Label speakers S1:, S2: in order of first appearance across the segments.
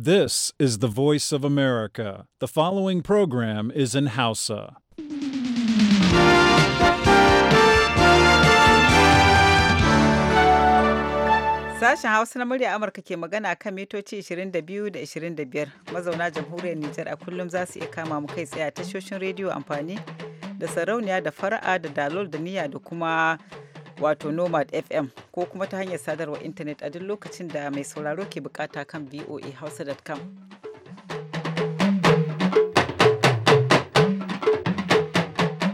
S1: This is the voice of America. The following program is in Hausa.
S2: Sashen Hausa na murya Amurka ke magana kan mitoci 22 da 25 mazauna jamhuriyar Nijar a kullum za su iya kama mu kai tsaye a tashoshin rediyo amfani da sarauniya da fara'a da dalol da niyya da kuma wato nomad fm ko kuma ta hanyar sadarwar intanet a duk lokacin da mai sauraro ke bukata kan voahausa.com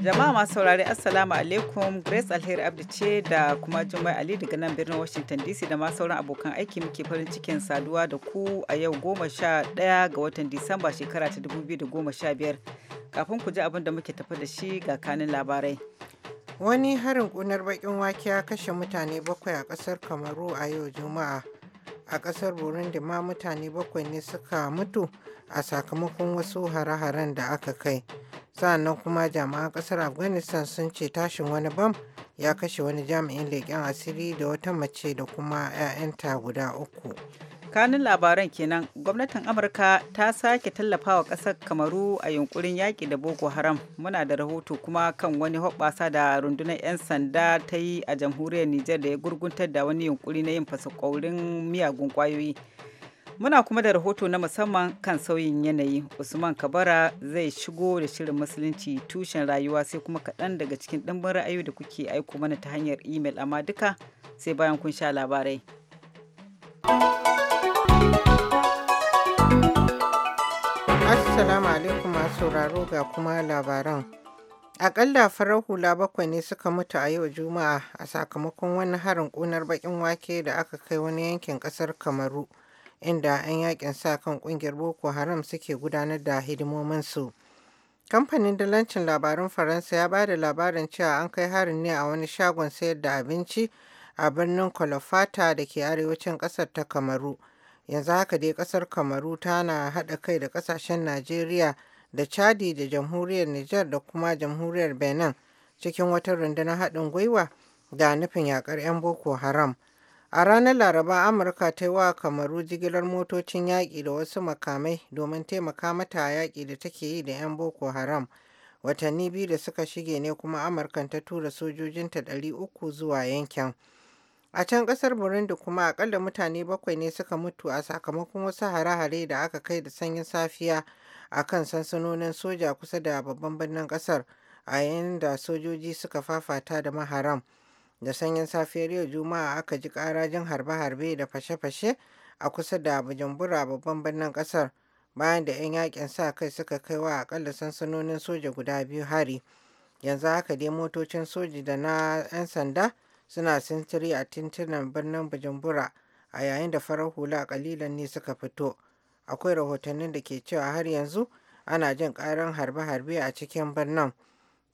S2: jama'a masu saurari assalamu alaikum grace alheri abdi ce da kuma jummai ali daga nan birnin washington dc da ma sauran abokan aiki muke farin cikin saduwa da ku a yau goma sha ga watan disamba shekara ta 2015 kafin ku ji abin
S3: da muke tafi da shi ga kanin labarai Wani harin ƙunar baƙin wake ya kashe mutane bakwai a ƙasar Kamaru a yau Juma'a. A ƙasar Burundi ma mutane bakwai ne suka mutu a sakamakon wasu hare-haren da aka kai. Sa'annan kuma jami'an ƙasar Afghanistan sun ce tashin wani bam ya kashe wani jami'in leƙen asiri da wata mace da kuma 'ya'yanta guda uku.
S2: tsakanin labaran kenan gwamnatin Amurka ta sake tallafawa ƙasar Kamaru a yunkurin yaƙi da Boko Haram. Muna da rahoto kuma kan wani hoɓɓasa da rundunar 'yan sanda ta yi a jamhuriyar Nijar da ya gurguntar da wani yunkuri na yin fasakwaurin miyagun ƙwayoyi. Muna kuma da rahoto na musamman kan sauyin yanayi. Usman Kabara zai shigo da shirin musulunci tushen rayuwa sai kuma kaɗan daga cikin ɗimbin ra'ayoyi da kuke aiko mana ta hanyar imel amma duka sai bayan kun sha labarai.
S3: Assalamu alaikum masu sauraro ga kuma labaran. Akalla farar hula bakwai ne suka mutu a yau Juma'a a sakamakon wani harin ƙunar baƙin wake da aka kai wani yankin ƙasar Kamaru inda 'yan yakin sa kan ƙungiyar Boko Haram suke gudanar da su. Kamfanin dalancin labarun Faransa ya ba da labarin cewa an kai harin ne a wani shagon sayar da abinci a birnin Kolofata da ke arewacin ƙasar ta Kamaru. yanzu haka dai kasar kamaru tana haɗa kai da kasashen najeriya da chadi da jamhuriyar niger da kuma jamhuriyar benin cikin wata rundunar haɗin gwiwa da nufin yakar 'yan boko haram a ranar laraba amurka ta yi wa kamaru jigilar motocin yaƙi da wasu makamai domin taimaka mata yaƙi da take yi da 'yan boko haram watanni biyu da suka shige ne kuma amurkan ta tura sojojinta 300 zuwa yankin A can kasar Burundi kuma akalla mutane bakwai ne suka mutu a sakamakon wasu hare-hare da aka kai da sanyin safiya a kan sansanonin soja kusa da babban birnin kasar a yayin da sojoji suka fafata da maharam. Da sanyin safiyar yau Juma'a aka ji karajin harbe-harbe da fashe-fashe a kusa da Bujumbura babban birnin kasar bayan da 'yan yakin sa kai suka kai wa akalla sansanonin soja guda biyu hari. Yanzu haka dai motocin soji da na 'yan sanda suna sintiri a tintunan birnin bujumbura a yayin da farar hula kalilan ne suka fito akwai rahotannin da ke cewa har yanzu ana jin karin harbe-harbe a cikin birnin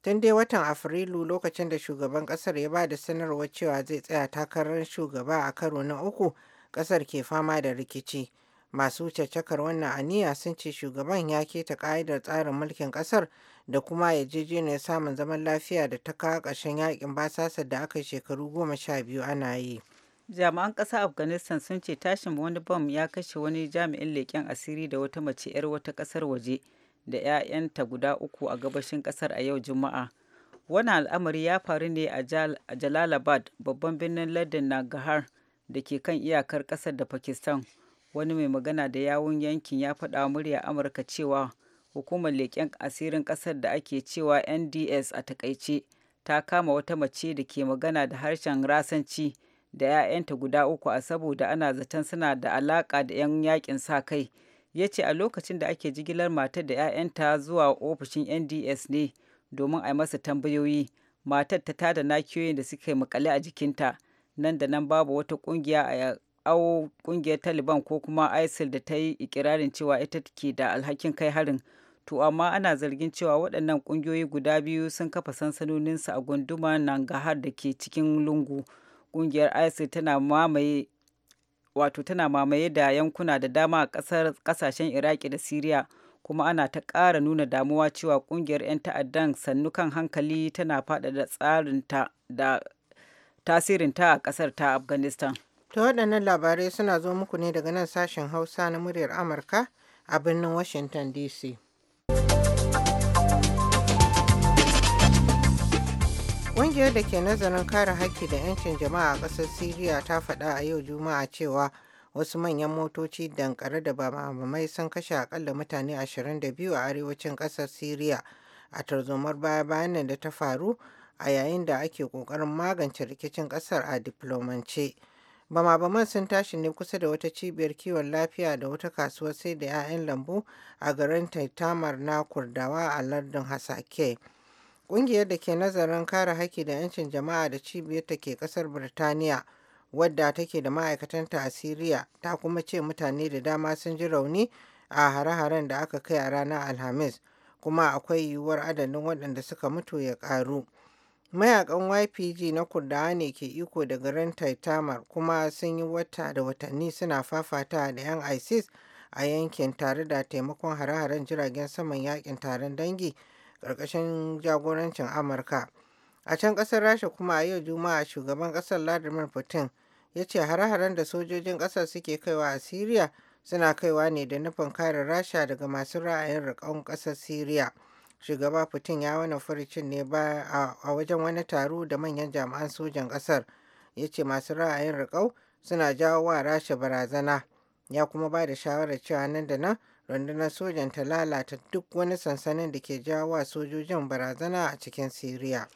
S3: tun dai watan afrilu lokacin da shugaban kasar ya ba da sanarwar cewa zai tsaya takarar shugaba a karo na uku kasar ke fama da rikici masu cacakar wannan aniya sun ce shugaban ya keta ƙa'idar tsarin mulkin ƙasar. da kuma yarjejeniyar samun zaman lafiya da ta kawo ƙarshen yakin basasar da aka shekaru goma sha biyu ana yi.
S2: jami'an ƙasa afghanistan sun ce tashin wani bom ya kashe wani jami'in leƙen asiri da wata mace 'yar wata ƙasar waje da 'ya'yanta guda uku a gabashin ƙasar a yau juma'a wannan al'amari ya faru ne a jalalabad babban birnin lardin nagahar da ke kan iyakar ƙasar da pakistan wani mai magana da yawun yankin ya faɗa murya amurka cewa hukumar leƙen asirin ƙasar da ake cewa nds a takaice ta kama wata mace da ke magana da harshen rasanci da 'ya'yanta guda uku a saboda ana zaton suna da alaƙa da 'yan yakin sa kai ya ce a lokacin da ake jigilar matar da 'ya'yanta zuwa ofishin nds ne domin a yi masa tambayoyi matar ta tada nakiyoyin da suka yi makale a jikinta nan da nan babu wata kungiya a awo kungiyar taliban ko kuma isil da ta yi ikirarin cewa ita ke da alhakin kai harin To amma ana zargin cewa waɗannan ƙungiyoyi guda biyu sun kafa su a gunduma gahar da ke cikin lungu. Ƙungiyar ISIL tana mamaye wato tana mamaye da yankuna da dama a ƙasashen Iraki da Siriya. kuma ana ta ƙara nuna damuwa cewa ƙungiyar 'yan ta'addan sannu kan hankali tana faɗaɗa tsarinta da tasirinta a ƙasar ta afghanistan
S3: to waɗannan labarai suna zo muku ne daga nan sashen hausa na muryar amurka a birnin washington dc Ƙungiyar da ke nazarin kare haƙƙi da 'yancin jama'a a ƙasar Siriya ta faɗa a yau Juma'a cewa wasu manyan motoci dankare da bamamai sun kashe aƙalla mutane 22 a arewacin ƙasar Siriya a tarzomar baya-bayan nan da ta faru a yayin da ake ƙoƙarin magance rikicin ƙasar a diflomance. Bama-baman sun tashi ne kusa da wata cibiyar kiwon lafiya da wata kasuwar sai da 'ya'yan lambu a garin Taitamar na Kurdawa a lardin Hasake. Ƙungiyar da ke nazarin kare haƙƙi da 'yancin jama'a da cibiyar ta ke ƙasar Birtaniya wadda take da ma'aikatanta a Siriya ta kuma ce mutane da dama sun ji rauni a hare-haren da aka kai a ranar Alhamis kuma akwai yiwuwar adadin waɗanda suka mutu ya ƙaru. Mayakan YPG na Kurdawa ne ke iko da garin Taitamar kuma sun yi wata da watanni suna fafata da 'yan ISIS a yankin tare da taimakon hare-haren jiragen saman yakin taron dangi ƙarƙashin jagorancin amurka a can ƙasar rasha kuma a yau juma'a shugaban ƙasar vladimir putin ya ce hare-haren da sojojin ƙasar suke kaiwa a Siriya suna kaiwa ne da nufin kare rasha daga masu ra'ayin riƙon ƙasar Siriya. shugaba putin ya wani furucin ne a wajen wani taro da manyan jami'an sojan ƙasar ya ce masu ra'ayin riƙau suna jawo wa rasha barazana ya kuma ba da shawarar cewa nan da nan rundunar sojan ta lalata duk wani sansanin da ke jawo wa sojojin barazana a cikin Siriya.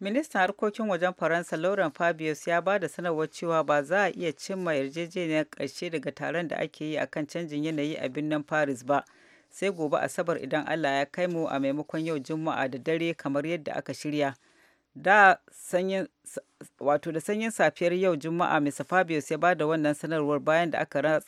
S2: Ministan harkokin wajen Faransa lauren Fabius ya ba da sanarwar cewa ba za a iya cimma yarjejeniyar ƙarshe daga taron da ake yi akan canjin yanayi a birnin Paris ba. Sai gobe Asabar idan Allah ya kai mu a maimakon yau Juma'a da dare kamar yadda aka shirya. Da sanyin wato da sanyin safiyar yau Juma'a Mr. Fabius ya ba da wannan sanarwar bayan da aka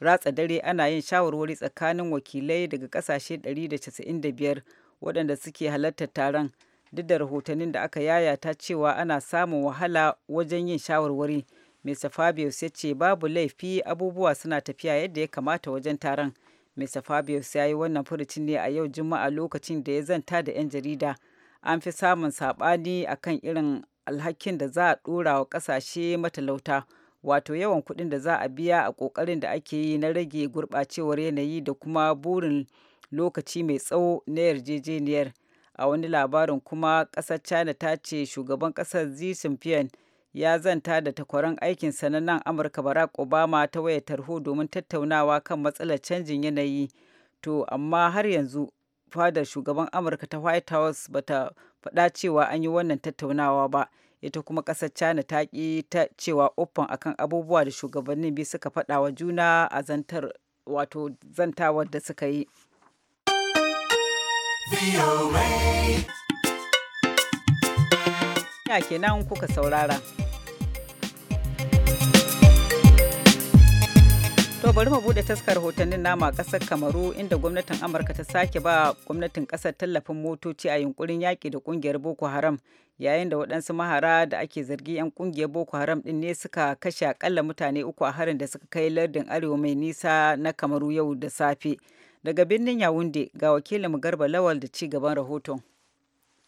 S2: ratsa dare ana yin shawarwari tsakanin wakilai daga kasashe 195 waɗanda suke halartar taron duk da rahotannin da aka yayata cewa ana samun wahala wajen yin shawarwari mr fabius ya ce babu laifi abubuwa suna tafiya yadda ya kamata wajen taron mr fabius ya yi wannan furucin ne a yau juma'a lokacin da ya zanta da 'yan jarida an fi samun saɓani akan irin alhakin da za a ɗora wa ƙasashe matalauta wato yawan kuɗin da za a biya a ƙoƙarin da ake yi na rage gurɓacewar yanayi da kuma burin lokaci mai tsawo na yarjejeniyar a wani labarin kuma ƙasar china ta ce shugaban ƙasar xi ya zanta da takwaran aikinsa na nan amurka barack obama ta wayar tarho domin tattaunawa kan matsalar canjin yanayi to amma har yanzu fadar shugaban amurka ta white house bata faɗa cewa an yi wannan tattaunawa ba ita kuma ƙasar china ta ki ta cewa open akan abubuwa da shugabannin biyu suka faɗa wa juna a zantar wato zantawar da suka yi ya kenan kuka saurara To bari mu bude taskar hotonnin nama kasar Kamaru inda gwamnatin Amurka ta sake ba gwamnatin kasar tallafin motoci a yunkurin yaƙi da kungiyar Boko Haram yayin da waɗansu mahara da ake zargi 'yan ƙungiyar Boko Haram ɗin ne suka kashe akalla mutane uku a harin da suka kai lardin arewa mai nisa na Kamaru yau da safe. Daga birnin Yawunde ga wakilin Garba Lawal da ci gaban rahoton.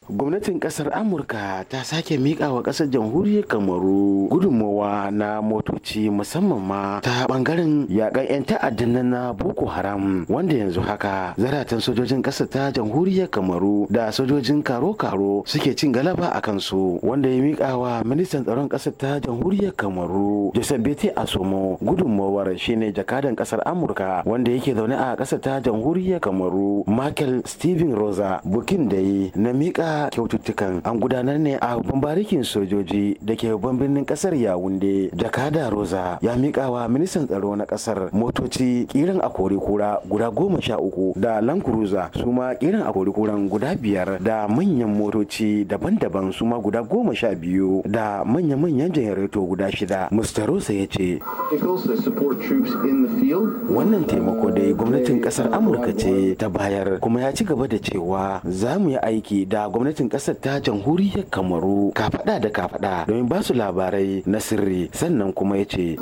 S4: Gwamnatin kasar Amurka ta sake miƙa wa kasar jamhuriyar Kamaru gudunmawa na motoci musamman ma ta ɓangaren yaƙan 'yan ta'addan na Boko Haram wanda yanzu haka zaratan sojojin kasar ta jamhuriyar Kamaru da sojojin karo-karo suke cin galaba a kansu wanda ya miƙa wa ministan tsaron kasar ta jamhuriyar Kamaru Joseph Bete Asomo gudunmawar shine jakadan ƙasar Amurka wanda yake zaune a kasar ta jamhuriyar Kamaru Michael Steven Rosa bukin da na miƙa kyaututtukan an gudanar ne a babban barikin sojoji da ke babban birnin kasar yawunde jakada roza ya mikawa ministan tsaro na kasar motoci kiran a kura guda goma sha uku da lankuruza su ma kiran a kuran guda biyar da manyan motoci daban-daban su ma guda goma sha biyu da manya-manyan janareto guda shida mr rosa ya ce wannan taimako dai gwamnatin kasar amurka ce ta bayar kuma ya ci gaba da cewa za mu yi aiki da gwamnatin ƙasar ta jamhuriyar kamaru kafaɗa da kafaɗa domin ba su labarai na sirri sannan kuma ya ce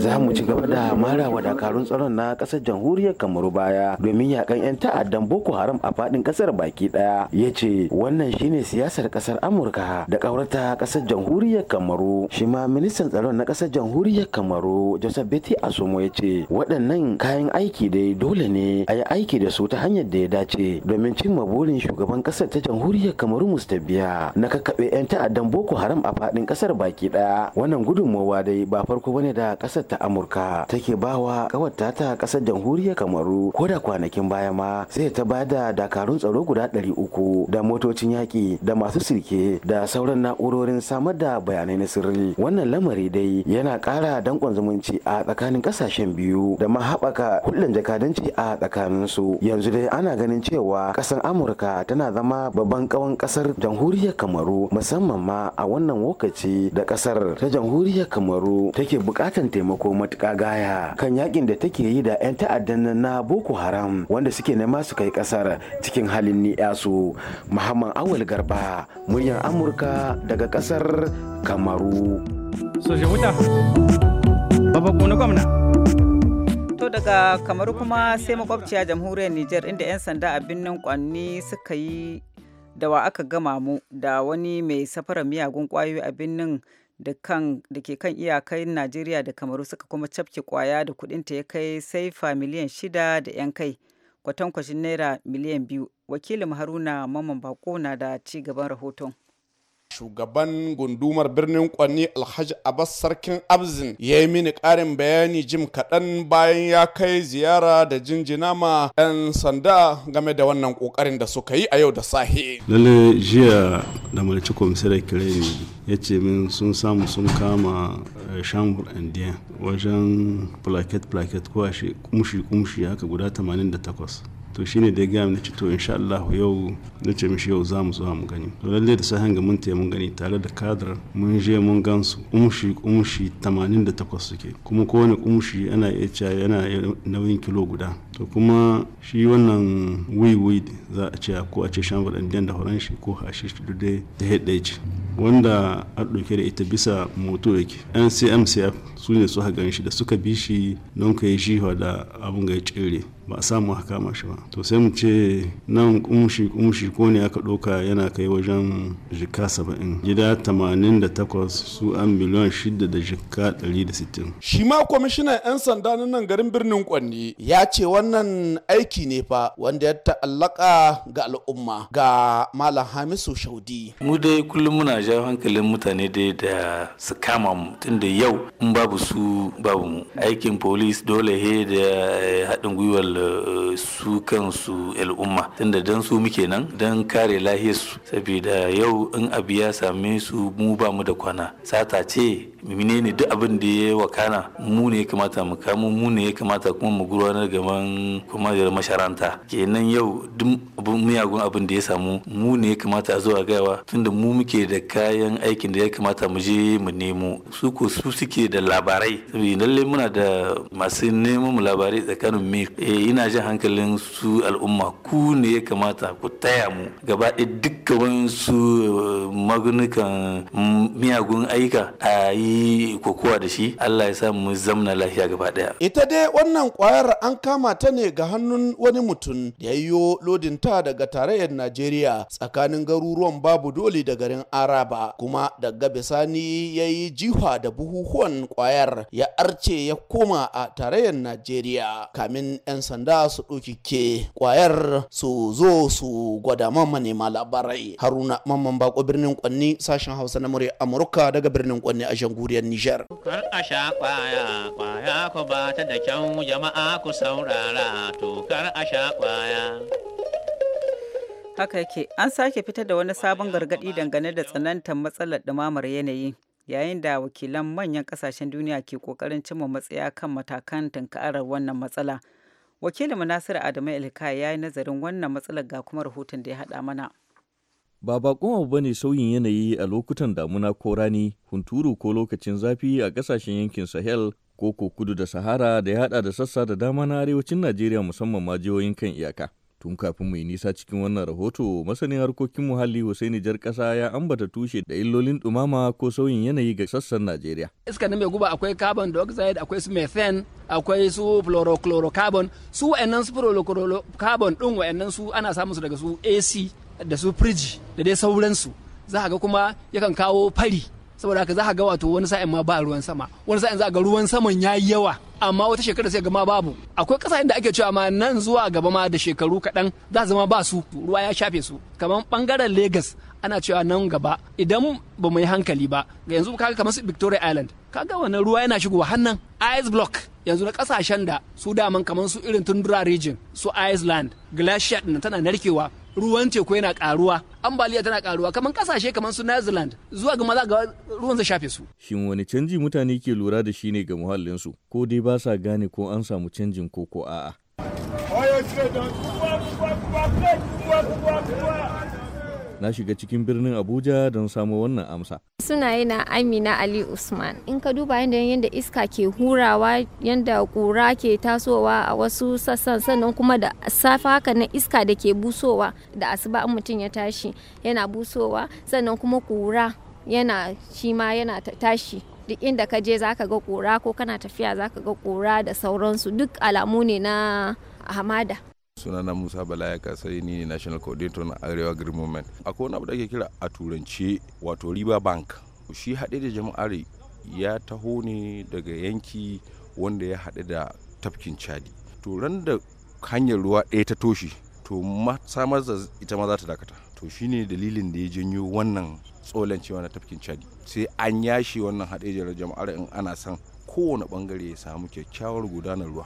S3: za mu ci gaba da mara wa dakarun
S4: tsaron na ƙasar jamhuriyar kamaru baya domin yakan 'yan ta'addan boko haram a faɗin ƙasar baki ɗaya ya ce wannan shine siyasar ƙasar amurka da ƙaurata ƙasar jamhuriyar kamaru shi ma ministan tsaron na ƙasar jamhuriyar kamaru joseph betty asomo ya ce waɗannan kayan aiki dai dole ne a yi aiki da su ta hanyar da ya dace domin ci cimma burin shugaban kasar ta jamhuriyar kamaru biya na kakkaɓe 'yan ta'addan boko haram a faɗin kasar baki ɗaya wannan gudunmawa dai ba farko bane da kasar ta amurka take bawa kawata ta kasar jamhuriyar kamaru ko da kwanakin baya ma sai ta ba da dakarun tsaro guda uku da motocin yaƙi da masu sirke da sauran na'urorin samar da bayanai na sirri wannan lamari dai yana ƙara danƙon zumunci a tsakanin ƙasashen biyu da ma haɓaka hulɗan jakadanci a tsakaninsu yanzu dai ana ganin cewa ƙasar kasar amurka tana zama babban kawan kasar jamhuriyar kamaru musamman ma a wannan lokaci da kasar ta jamhuriyar kamaru take bukatan taimako matuka gaya kan yakin da take yi da 'yan ta'addan na boko haram wanda suke nema su kai kasar cikin halin ni'yasu muhammad awal garba muryar amurka daga kasar
S2: kamaru so wuta babba gwamna To daga kamaru kuma sai makwabciya jamhuriyar Nijar inda 'yan sanda a birnin Kwanni suka yi da wa aka gama mu da wani mai safara miyagun kwayoyi a birnin da ke kan iyakai Najeriya da kamaru suka kuma cafke kwaya da kudin ta ya kai sai fa miliyan shida da 'yan kai kwatankwashin naira miliyan biyu. Wakilin Haruna mamman Bako na da ci gaban rahoton.
S5: shugaban gundumar birnin kwanni alhaji abbas sarkin abzin ya yi mini ƙarin bayani jim kaɗan bayan ya kai ziyara da jinjina ma 'yan sanda game da wannan kokarin da suka yi a yau da sahi
S1: lalle jiya da malci komisar kire ya ce min sun samu sun kama eh, shamur indiya wajen plaket plaket ko kumshi kumshi haka guda 88 to shine da ya gaya na ci to insha Allah yau na ce mishi yau za mu zo mu gani to lalle da sai hanga mun taya mun gani tare da kadar mun je mun gansu umshi umshi 88 suke kuma kowane umshi ana iya cewa yana nauyin kilo guda to kuma shi wannan wiwi za a ce ko a ce shambar indiyan da faranshi ko hashish duk dai ta haɗe ce wanda a ɗauke da ita bisa moto yake ncmcf su ne su hagan shi da suka bi shi don ka yi shiwa da abin ga ya ba a samu haka kama shi ba to sai mu ce nan kumshi kumshi ko ne aka ɗauka yana kai wajen jika saba'in gida tamanin da takwas su an miliyan shida da jika ɗari da sittin.
S5: shi ma kwamishinan 'yan
S1: sanda na nan
S5: garin birnin kwanne. ya ce wani wannan aiki ne fa wanda ya ta'allaka ga al'umma ga malam hamisu shaudi
S6: mu dai kullum muna ja hankalin mutane dai da su kama mu tunda yau in babu su babu mu aikin police dole he da eh, haɗin gwiwar eh, su kansu al'umma tunda dan su muke nan dan kare su saboda yau in abu ya same su mu ba mu da kwana sata ce menene duk abin da ya wakana mu ne kamata mu kamo mu ne kamata kuma mu gudanar gaban kuma da masharanta kenan yau duk miyagun abin da ya samu mu ne ya kamata a zuwa gaiwa tunda mu muke da kayan aikin da ya kamata mu je mu nemo su ko su suke da labarai lalle muna da masu neman mu labarai tsakanin mu eh, ina jin hankalin su al'umma ku ne ya kamata ku taya mu gaba ɗaya duka su eh, magunukan miyagun ayyuka a yi kokowa da shi Allah ya sa mu zamna lafiya gaba ɗaya
S5: ita dai wannan kwayar an kama ta ta ne ga hannun wani mutum da ya lodinta daga tarayyar Najeriya tsakanin garuruwan babu dole da garin Araba kuma daga bisani ya yi jiha da buhuhuwan kwayar ya arce ya koma a tarayyar Najeriya kamin 'yan sanda su ɗauki kwayar su zo su gwada man manema labarai haruna mamman bako birnin kwanni sashen hausa na murya amurka daga birnin kwanni a shanguriyar nijar a
S7: da kyau
S2: jama'a ku saurara tokar a kwaya. Haka yake an sake fitar da wani sabon gargaɗi dangane da tsanantar matsalar ɗumamar yanayi yayin da wakilan manyan ƙasashen duniya ke ƙoƙarin cimma matsaya kan matakan tunkarar wannan matsala. Wakilin Nasiru Adamu Ilka ya yi nazarin wannan matsalar ga kuma rahoton da ya haɗa mana.
S8: Ba bakon abu bane sauyin yanayi a lokutan damuna ko rani, hunturu ko lokacin zafi a kasashen yankin Sahel koko kudu da sahara da ya haɗa da sassa da dama na arewacin najeriya musamman ma jihohin kan iyaka tun kafin mai nisa cikin wannan rahoto masanin harkokin muhalli Hussaini Jar kasa ya ambata tushe da illolin dumama ko sauyin yanayi ga sassan Najeriya.
S5: Iska na mai guba akwai carbon dioxide, akwai su methane, akwai su fluorochlorocarbon, su wa'annan su fluorochlorocarbon din wa'annan su ana samun su daga su AC da su fridge da dai sauransu. Za a ga kuma yakan kawo fari saboda haka za ka ga wato wani sa'in ma ba ruwan sama wani sa'in za ga ruwan saman ya yi yawa amma wata shekara sai ga ma babu akwai ƙasashen da ake cewa ma nan zuwa gaba ma da shekaru kaɗan za zama ba su ruwa ya shafe su kamar ɓangaren Legas ana cewa nan gaba idan ba mu yi hankali ba ga yanzu kaga kamar su Victoria Island kaga wannan ruwa yana shigowa hannan ice block yanzu na kasashen da su daman kamar su irin tundura region su Iceland glacier tana narkewa ruwan teku yana karuwa ambaliya tana karuwa kamar kasashe kamar su Netherland zuwa ga maza ga
S8: ruwan zai shafe su shin wani canji mutane ke lura da shi ne ga muhallin su ko dai ba sa gane ko an samu canjin ko ko a'a na shiga cikin birnin abuja don samo wannan amsa
S7: sunaye na amina ali usman in ka duba yadda yadda iska ke hurawa yadda ƙura ke tasowa a wasu sassan sannan kuma da safa haka na iska da ke busowa da asuba in mutum ya tashi yana busowa sannan kuma ƙura yana shi ma yana tashi duk inda ka je zaka ga ƙura ko kana tafiya zaka ga ƙura da sauransu duk alamu ne na hamada
S5: sunana musa bala ya kasai ni national coordinator na arewa green movement akwai wani abu da ake kira a turance wato riba bank shi haɗe da jama'ar ya taho ne daga yanki wanda ya haɗe da tafkin chadi to ran da hanyar ruwa ɗaya ta toshi to samar da ita ma za ta dakata to shine dalilin da ya janyo wannan tsolan cewa na tafkin chadi sai an yashi wannan haɗe jama'ar in ana son kowane bangare ya samu kyakkyawar gudanar ruwa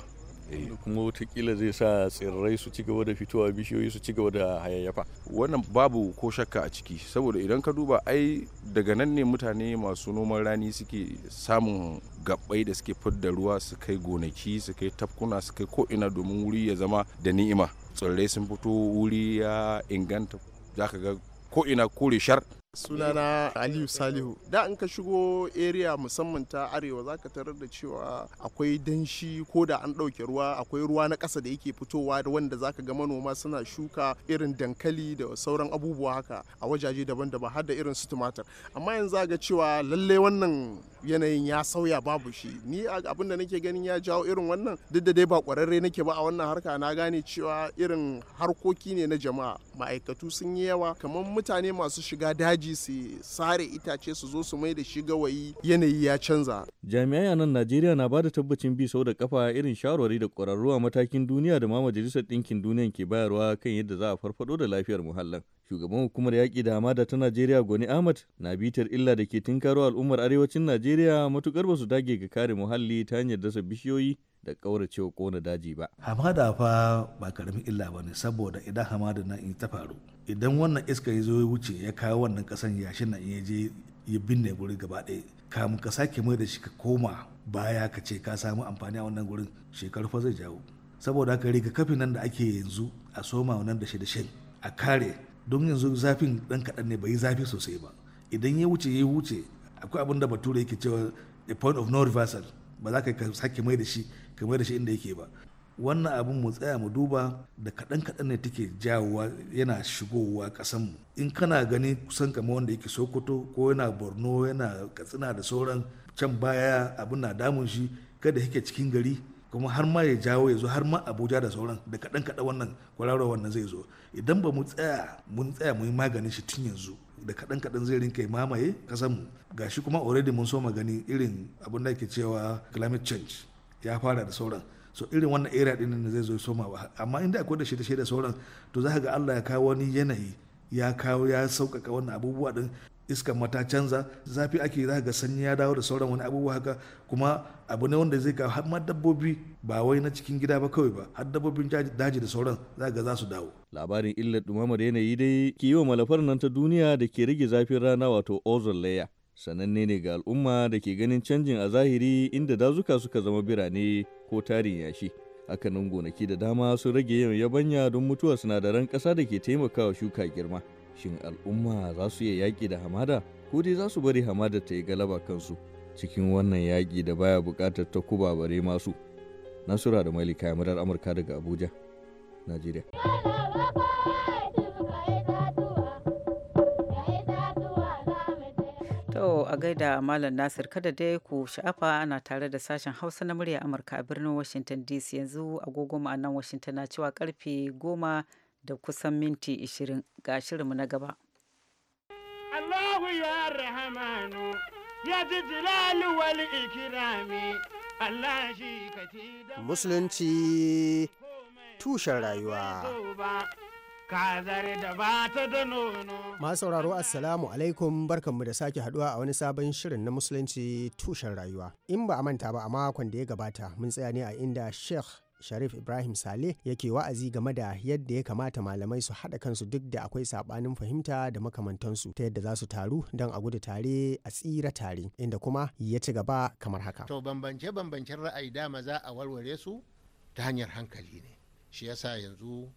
S5: Eh. kuma watakila zai sa tsirrai
S8: su ci gaba da fitowa bishiyoyi su ci gaba da hayayyafa
S5: wannan babu ko shakka a ciki saboda idan ka duba ai daga nan ne mutane masu noman rani suke samun gabbai da suke fidda ruwa su kai gonaki su kai tafkuna su kai ko'ina domin wuri ya zama da ni'ima tsirrai sun fito wuri ya inganta za ka ga ko'ina kore shar sunana
S9: aliyu salihu da in ka shigo area musamman ta arewa zaka tarar da cewa akwai danshi ko da an ɗauke ruwa akwai ruwa na ƙasa da yake fitowa da wanda zaka ga manoma suna shuka irin dankali da sauran abubuwa haka a wajaje daban-daban har da irin su tumatir amma yanzu ga cewa lalle wannan yanayin ya sauya babu shi ni abin da nake ganin ya jawo irin wannan duk da dai ba kwararre nake ba a wannan harka na gane cewa irin harkoki ne na jama'a ma'aikatu sun yi yawa kamar mutane masu shiga daji su sare itace su zo su mai da shi gawayi yanayi ya canza
S8: jami'ai a nan najeriya na bada tabbacin bi sau da kafa irin shawarwari da kwararru matakin duniya da ma majalisar ɗinkin duniya ke bayarwa kan yadda za a farfado da lafiyar muhallin shugaban hukumar yaƙi da hamada ta najeriya gwani ahmad na bitar illa da ke tinkaro al'ummar arewacin najeriya matukar ba su dage ga kare muhalli ta hanyar dasa bishiyoyi da ƙauracewa kona daji ba
S10: hamada fa ba karamin illa ba ne saboda idan hamada na in ta faru idan wannan iska ya zo ya wuce ya kawo wannan kasan yashin nan ya je ya binne guri gaba ɗaya kamun ka sake mai da shi ka koma baya ka ce ka samu amfani a wannan gurin shekaru fa zai jawo saboda haka rigakafin nan da ake yanzu a soma wannan da shi da shi a kare don yanzu zafin dan kaɗan ne bai zafi sosai ba idan ya wuce ya wuce akwai abin da bature yake cewa a point of no reversal ba za ka sake mai da shi ka mai da shi inda yake ba wannan abin mu tsaya mu duba da kaɗan kaɗan ne take jawowa yana shigowa mu in kana gani kusan kamar wanda yake sokoto ko yana borno yana katsina da sauran can baya abin na damun shi kada yake cikin gari kuma har ma ya jawo ya zo har ma abuja da sauran da kaɗan kaɗan wannan kwararwa wannan zai zo idan ba mu tsaya mun tsaya mu yi maganin shi tun yanzu da kaɗan kaɗan zai rinka mamaye kasan mu shi kuma already mun so magani irin abin da ke cewa climate change ya fara da sauran so irin wannan area din da zai zo ya somawa amma inda akwai da shi da sauran to za ga Allah ya kawo wani yanayi ya kawo ya sauƙaƙa wannan abubuwa din iskan mata canza zafi ake za ga sanyi ya dawo da sauran wani abubuwa haka kuma abu ne wanda zai kawo har dabbobi ba wai na cikin gida ba kawai ba har dabbobin daji da sauran za ga za su dawo
S8: labarin illar dumamar yanayi dai ke yi wa malafar nan ta duniya da ke rage zafin rana wato ozone layer sananne ne ga al'umma da ke ganin canjin a zahiri inda dazuka suka zama birane ko tarin yashi hakanan gonaki da dama sun rage yawan yabanya don mutuwar sinadaran kasa da ke taimakawa shuka girma shin al'umma za su iya yaƙi da hamada ko dai za su bari hamada ta yi galaba kansu cikin wannan yaƙi da baya buƙatar ta kuba bare masu nasura da malika murar amurka daga abuja najeriya
S2: To a gaida Malam Nasir kada dai ku sha'afa ana tare da sashen Hausa na murya Amurka a birnin Washington DC yanzu agogo ma'anan Washington na cewa karfe goma da kusan minti 20 ga shirinmu na gaba.
S9: Allahu ya rahamanu ya ji jilali ikirami Allah shi ka
S2: ci da
S7: Musulunci tushen rayuwa. Masu sauraro Assalamu alaikum barkanmu da sake haduwa a wani sabon shirin na Musulunci tushen rayuwa. In ba a manta ba a makon da ya gabata mun tsaya ne a inda Sheikh Sharif Ibrahim Saleh yake wa'azi game da yadda ya kamata malamai su haɗa kansu duk da akwai saɓanin fahimta da makamantansu ta yadda za su taru don a gudu tare a tsira tare inda kuma ya ci gaba kamar haka. To
S9: bambance-bambancen ra'ayi dama za a warware su ta hanyar hankali ne. Shi yasa yanzu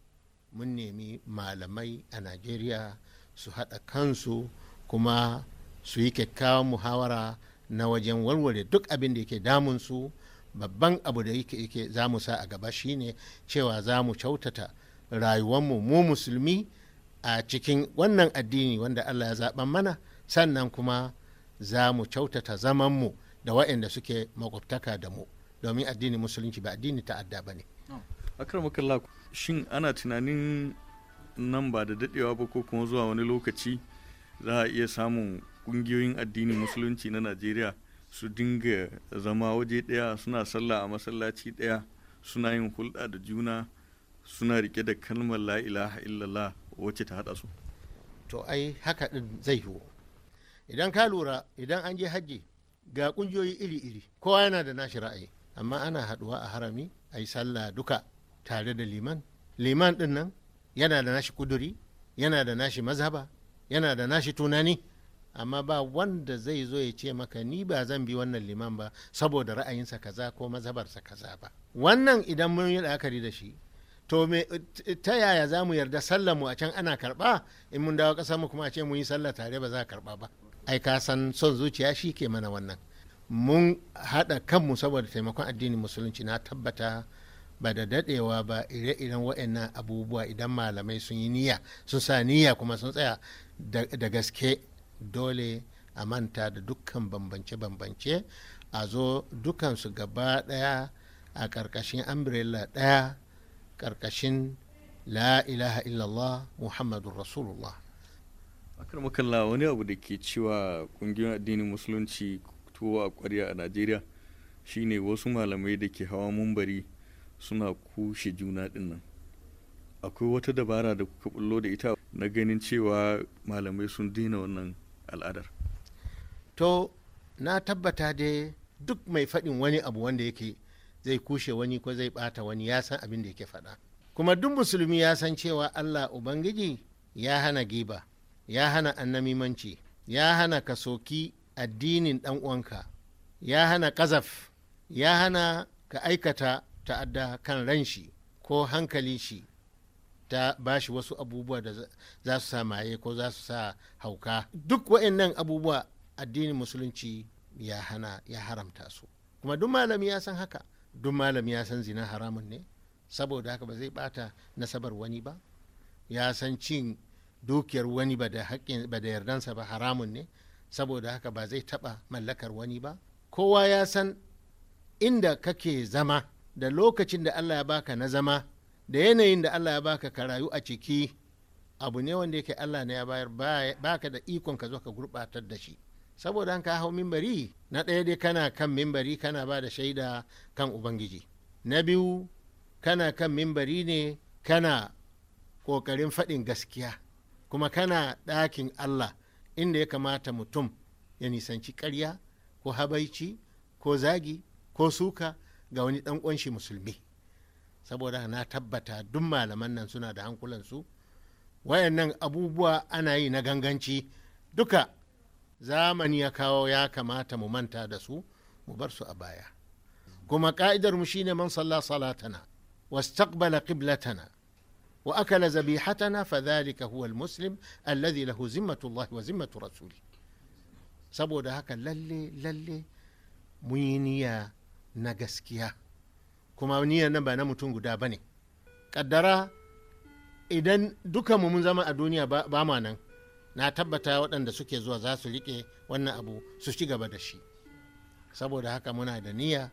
S9: mun nemi malamai a Najeriya su haɗa kansu kuma su yi kyakkyawan muhawara na wajen warware duk abin da yake damunsu su babban abu da yake yake za mu sa a gaba shine cewa za mu kyautata rayuwanmu mu musulmi a cikin wannan addini wanda allah ya zaɓan mana sannan kuma za mu kyautata zamanmu da waɗanda suke makwabtaka da mu domin addini musulunci ba addini ta'adda ba ne
S8: shin ana tunanin nan ba da daɗewa ba ko kuma zuwa wani lokaci za a iya samun ƙungiyoyin addinin musulunci na najeriya su dinga zama waje ɗaya suna sallah a masallaci ɗaya suna yin hulɗa da juna suna rike da kalmar la ilaha illallah wacce ta haɗa su
S9: to ai haka ɗin zai yiwu idan ka lura idan an je hajji ga ƙungiyoyi iri-iri kowa yana da nashi ra'ayi amma ana haɗuwa a harami a yi sallah duka tare da liman liman ɗin nan yana da nashi kuduri yana da nashi mazhaba yana da nashi tunani amma ba wanda zai zo ya ce maka ni ba zan bi wannan liman ba saboda ra'ayinsa kaza ko mazhabarsa kaza ba wannan idan mun yi la'akari da shi to me ta yaya za mu yarda sallar mu a can ana karba in mun dawo ƙasar mu kuma a ce mun yi sallah tare ba za a karba ba ai ka san son zuciya shi ke mana wannan mun haɗa kanmu saboda taimakon addinin musulunci na tabbata ba da daɗewa ba ire-iren waɗannan abubuwa idan malamai sun yi niyya sun sa niyya kuma sun tsaya da gaske dole a manta da dukkan bambance-bambance a zo dukansu gaba ɗaya a ƙarƙashin umbrella ɗaya ƙarƙashin la ilaha illallah muhammadun rasulullah
S8: makalla wani abu da ke cewa ƙungiyoyin addinin musulunci tuwo a ƙwarya a najeriya shine wasu malamai da ke hawa mumbari suna kushe juna dinnan akwai wata dabara da kuka bullo da ita na ganin cewa malamai sun daina wannan al'adar to
S9: na tabbata dai duk mai faɗin wani abu wanda yake zai kushe wani ko zai ɓata wani ya san abin da yake faɗa kuma duk musulmi ya san cewa allah ubangiji ya hana giba ya hana annamimanci ya hana kasoki addinin ɗan uwanka ya hana ƙazaf ya hana ka aikata ta'adda kan ran shi ko hankalin shi ta bashi wasu abubuwa da za su sa maye ko za su sa hauka duk waɗannan abubuwa addinin musulunci ya hana ya haramta su kuma duk malami ya san haka duk malami ya san zina haramun ne saboda haka ba zai bata nasabar wani ba ya san cin dukiyar wani ba da yardansa ba haramun ne saboda haka ba zai taɓa mallakar wani ba kowa ya san inda kake zama da lokacin da allah ya baka na zama da yanayin da allah ya baka ka rayu a ciki abu ne wanda yake allah ne ya bayar baka da ikon ka zo ka gurbatar da shi saboda an ka hau mimbari na ɗaya dai kana kan mimbari kana ba da shaida kan ubangiji na biyu kana kan mimbari ne kana kokarin faɗin gaskiya kuma kana ɗakin allah inda ya kamata mutum ya nisanci karya ko habaici ko zagi ko suka ga wani ɗan ƙunshi musulmi saboda na tabbata duk malaman nan suna da hankulansu wayannan abubuwa ana yi na ganganci duka zamani ya kawo ya kamata mu manta da su mu bar su a baya kuma ka'idar mu shine man salla salatana wastaqbala qiblatana wa akala zabihatana fadhalika huwa almuslim alladhi lahu zimmatu Allah wa zimmatu rasuli saboda haka lalle lalle mu yi niyya na gaskiya kuma niyyar nan ba na mutum guda ba ne kaddara idan dukanmu mun zama a duniya ba ma nan na tabbata waɗanda suke zuwa za su riƙe wannan abu su ci gaba da shi saboda haka muna da niyya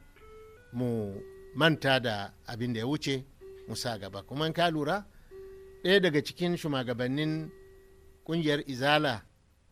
S9: mu manta da abin da ya wuce mu sa gaba kuma ka lura ɗaya daga cikin shugabannin ƙungiyar izala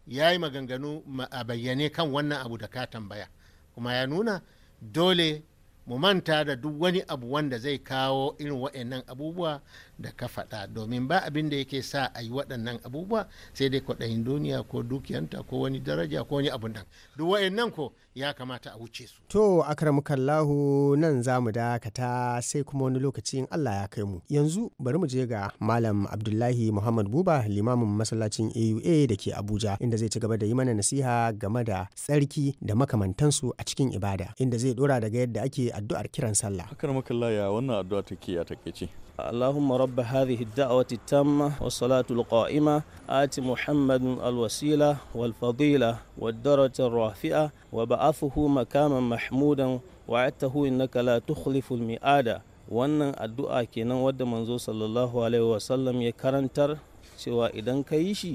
S9: ya yi maganganu a bayyane kan wannan abu da ka tambaya kuma ya nuna dole mu manta da duk wani abu wanda zai kawo irin waɗannan abubuwa da ka faɗa domin ba abin da yake sa a yi waɗannan abubuwa sai dai kwaɗayin duniya ko dukiyanta ko wani daraja ko wani abun nan duk waɗannan ko ya kamata a wuce su.
S7: To kallahu nan za mu dakata sai kuma wani lokaci in Allah ya kai mu. Yanzu bari mu je ga Malam Abdullahi Muhammad Buba limamin masallacin AUA da ke Abuja inda zai ci gaba da yi mana nasiha game da tsarki da makamantansu a cikin ibada inda zai dora daga yadda ake addu'ar kiran sallah.
S8: kallahu ya wannan addu'a take a takaice.
S11: اللهم رب هذه الدعوة التامة والصلاة القائمة آت محمد الوسيلة والفضيلة والدرجة الرافئة وبعثه مكاما محمودا وعدته إنك لا تخلف المئادة wannan addu'a kenan wadda manzo sallallahu alaihi wasallam ya karantar cewa idan ka yi shi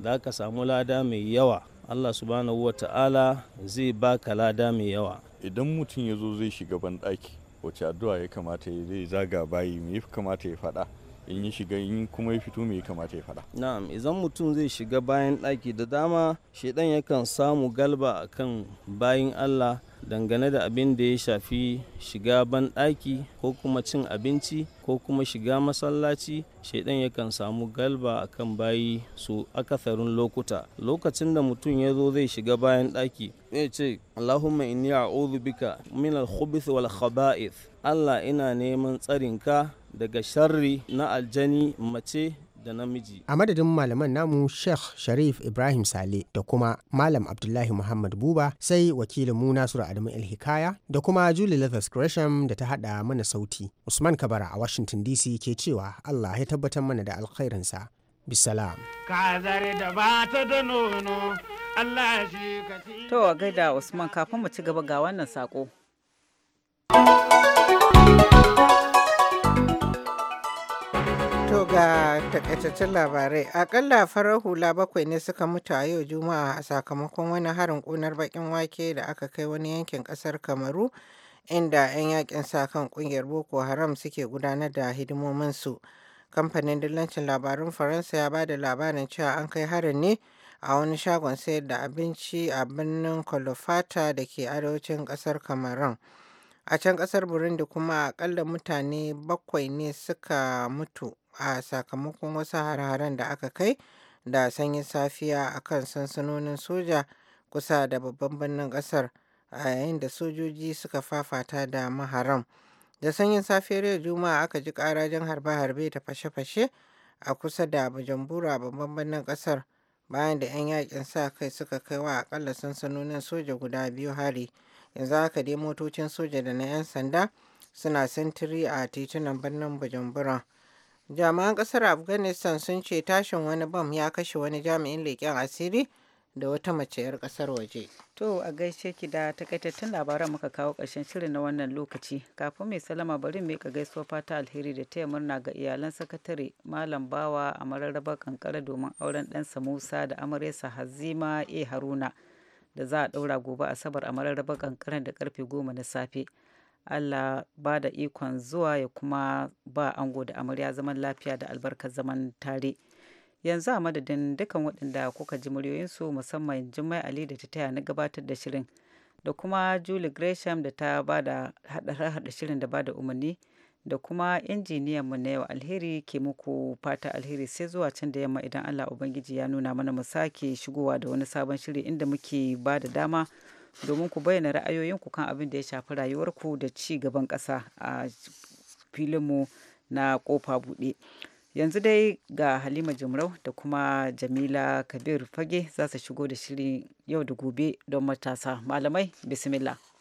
S11: za ka samu lada mai yawa Allah subhanahu wa ta'ala zai
S8: baka lada mai yawa idan mutum ya zo zai shiga banɗaki wace addu'a ya kamata ya zai zaga bayi mai kamata ya faɗa in yi shiga in kuma ya fito mai kamata ya faɗa
S11: na'am idan mutum zai shiga bayan ɗaki da dama shaidan yakan samu galba akan bayin Allah dangane da abin da ya shafi shiga ban banɗaki ko kuma cin abinci ko kuma shiga masallaci shaidan yakan samu galba akan kan bayi su akasarin lokuta lokacin da mutum ya zo zai shiga bayan ɗaki yace eh, ce Allahumma inni a'udhu bika min al-khubuth wal khaba'ith Allah ina neman tsarinka daga sharri na aljani mace da namiji.
S7: A madadin malaman namu Sheikh Sharif Ibrahim Sale da kuma Malam Abdullahi Muhammad Buba sai wakilin mu Nasiru Adamu Hikaya da kuma Julie Lathas Gresham da ta haɗa mana sauti. Usman Kabara a Washington DC ke cewa Allah ya tabbatar mana da alkhairinsa. Bisalam.
S2: zare da ta da nono To a gaida Usman kafin mu ci gaba ga wannan sako.
S3: To ga takaitaccen labarai, akalla farar hula bakwai ne suka mutu a yau Juma'a a sakamakon wani harin ƙunar bakin wake da aka kai wani yankin ƙasar Kamaru inda 'yan yakin sa kan ƙungiyar Boko Haram suke gudanar da hidimominsu. Kamfanin dillancin labarun Faransa ya ba da labarin cewa an kai harin ne a wani shagon sayar da abinci a birnin Kolofata da ke arewacin ƙasar Cameroon. A can ƙasar Burundi kuma akalla mutane bakwai ne suka mutu a sakamakon wasu hare-haren da aka kai da sanyi safiya a kan sansanonin soja kusa da babban birnin ƙasar a yayin da sojoji suka fafata da maharam. Da sanyin safiyar Juma'a aka ji jan harbe-harbe ta fashe-fashe a kusa da Bujumbura babban birnin ƙasar. bayan da 'yan yakin sa kai suka kai wa akalla sansanonin soja guda biyu hari yanzu haka dai motocin soja da na 'yan sanda suna sintiri a titunan birnin bujumbura jami'an kasar afghanistan sun ce tashin wani bam ya kashe wani jami'in leƙen asiri da wata mace 'yar kasar waje.
S2: To a gaishe ki da takaitattun labaran muka kawo ƙarshen shirin na wannan lokaci. Kafin mai salama bari mu ka gaisuwa fata alheri da taya murna ga iyalan sakatare Malam Bawa a mararraba kankara domin auren ɗansa Musa da amaryarsa Hazima A Haruna da za a ɗaura gobe Asabar a mararraba kankaran da karfe goma na safe. Allah ba da ikon zuwa ya kuma ba ango da amarya zaman lafiya da albarkar zaman tare. yanzu a madadin dukkan waɗanda kuka ji muryoyinsu musamman jummai ali da ta taya na gabatar da shirin da kuma julie gresham da ta ba da haɗa shirin da ba da umarni da kuma injiniyan mu na yau alheri ke muku fata alheri sai zuwa can da yamma idan allah ubangiji ya nuna mana mu sake shigowa da wani sabon shiri inda muke ba da dama domin ku bayyana ra'ayoyinku kan abin da ya shafi rayuwarku da ci gaban ƙasa a filinmu na kofa buɗe. yanzu dai ga halima jimrau da kuma jamila kabir fage za su shigo da shirin yau da gobe don matasa malamai bismillah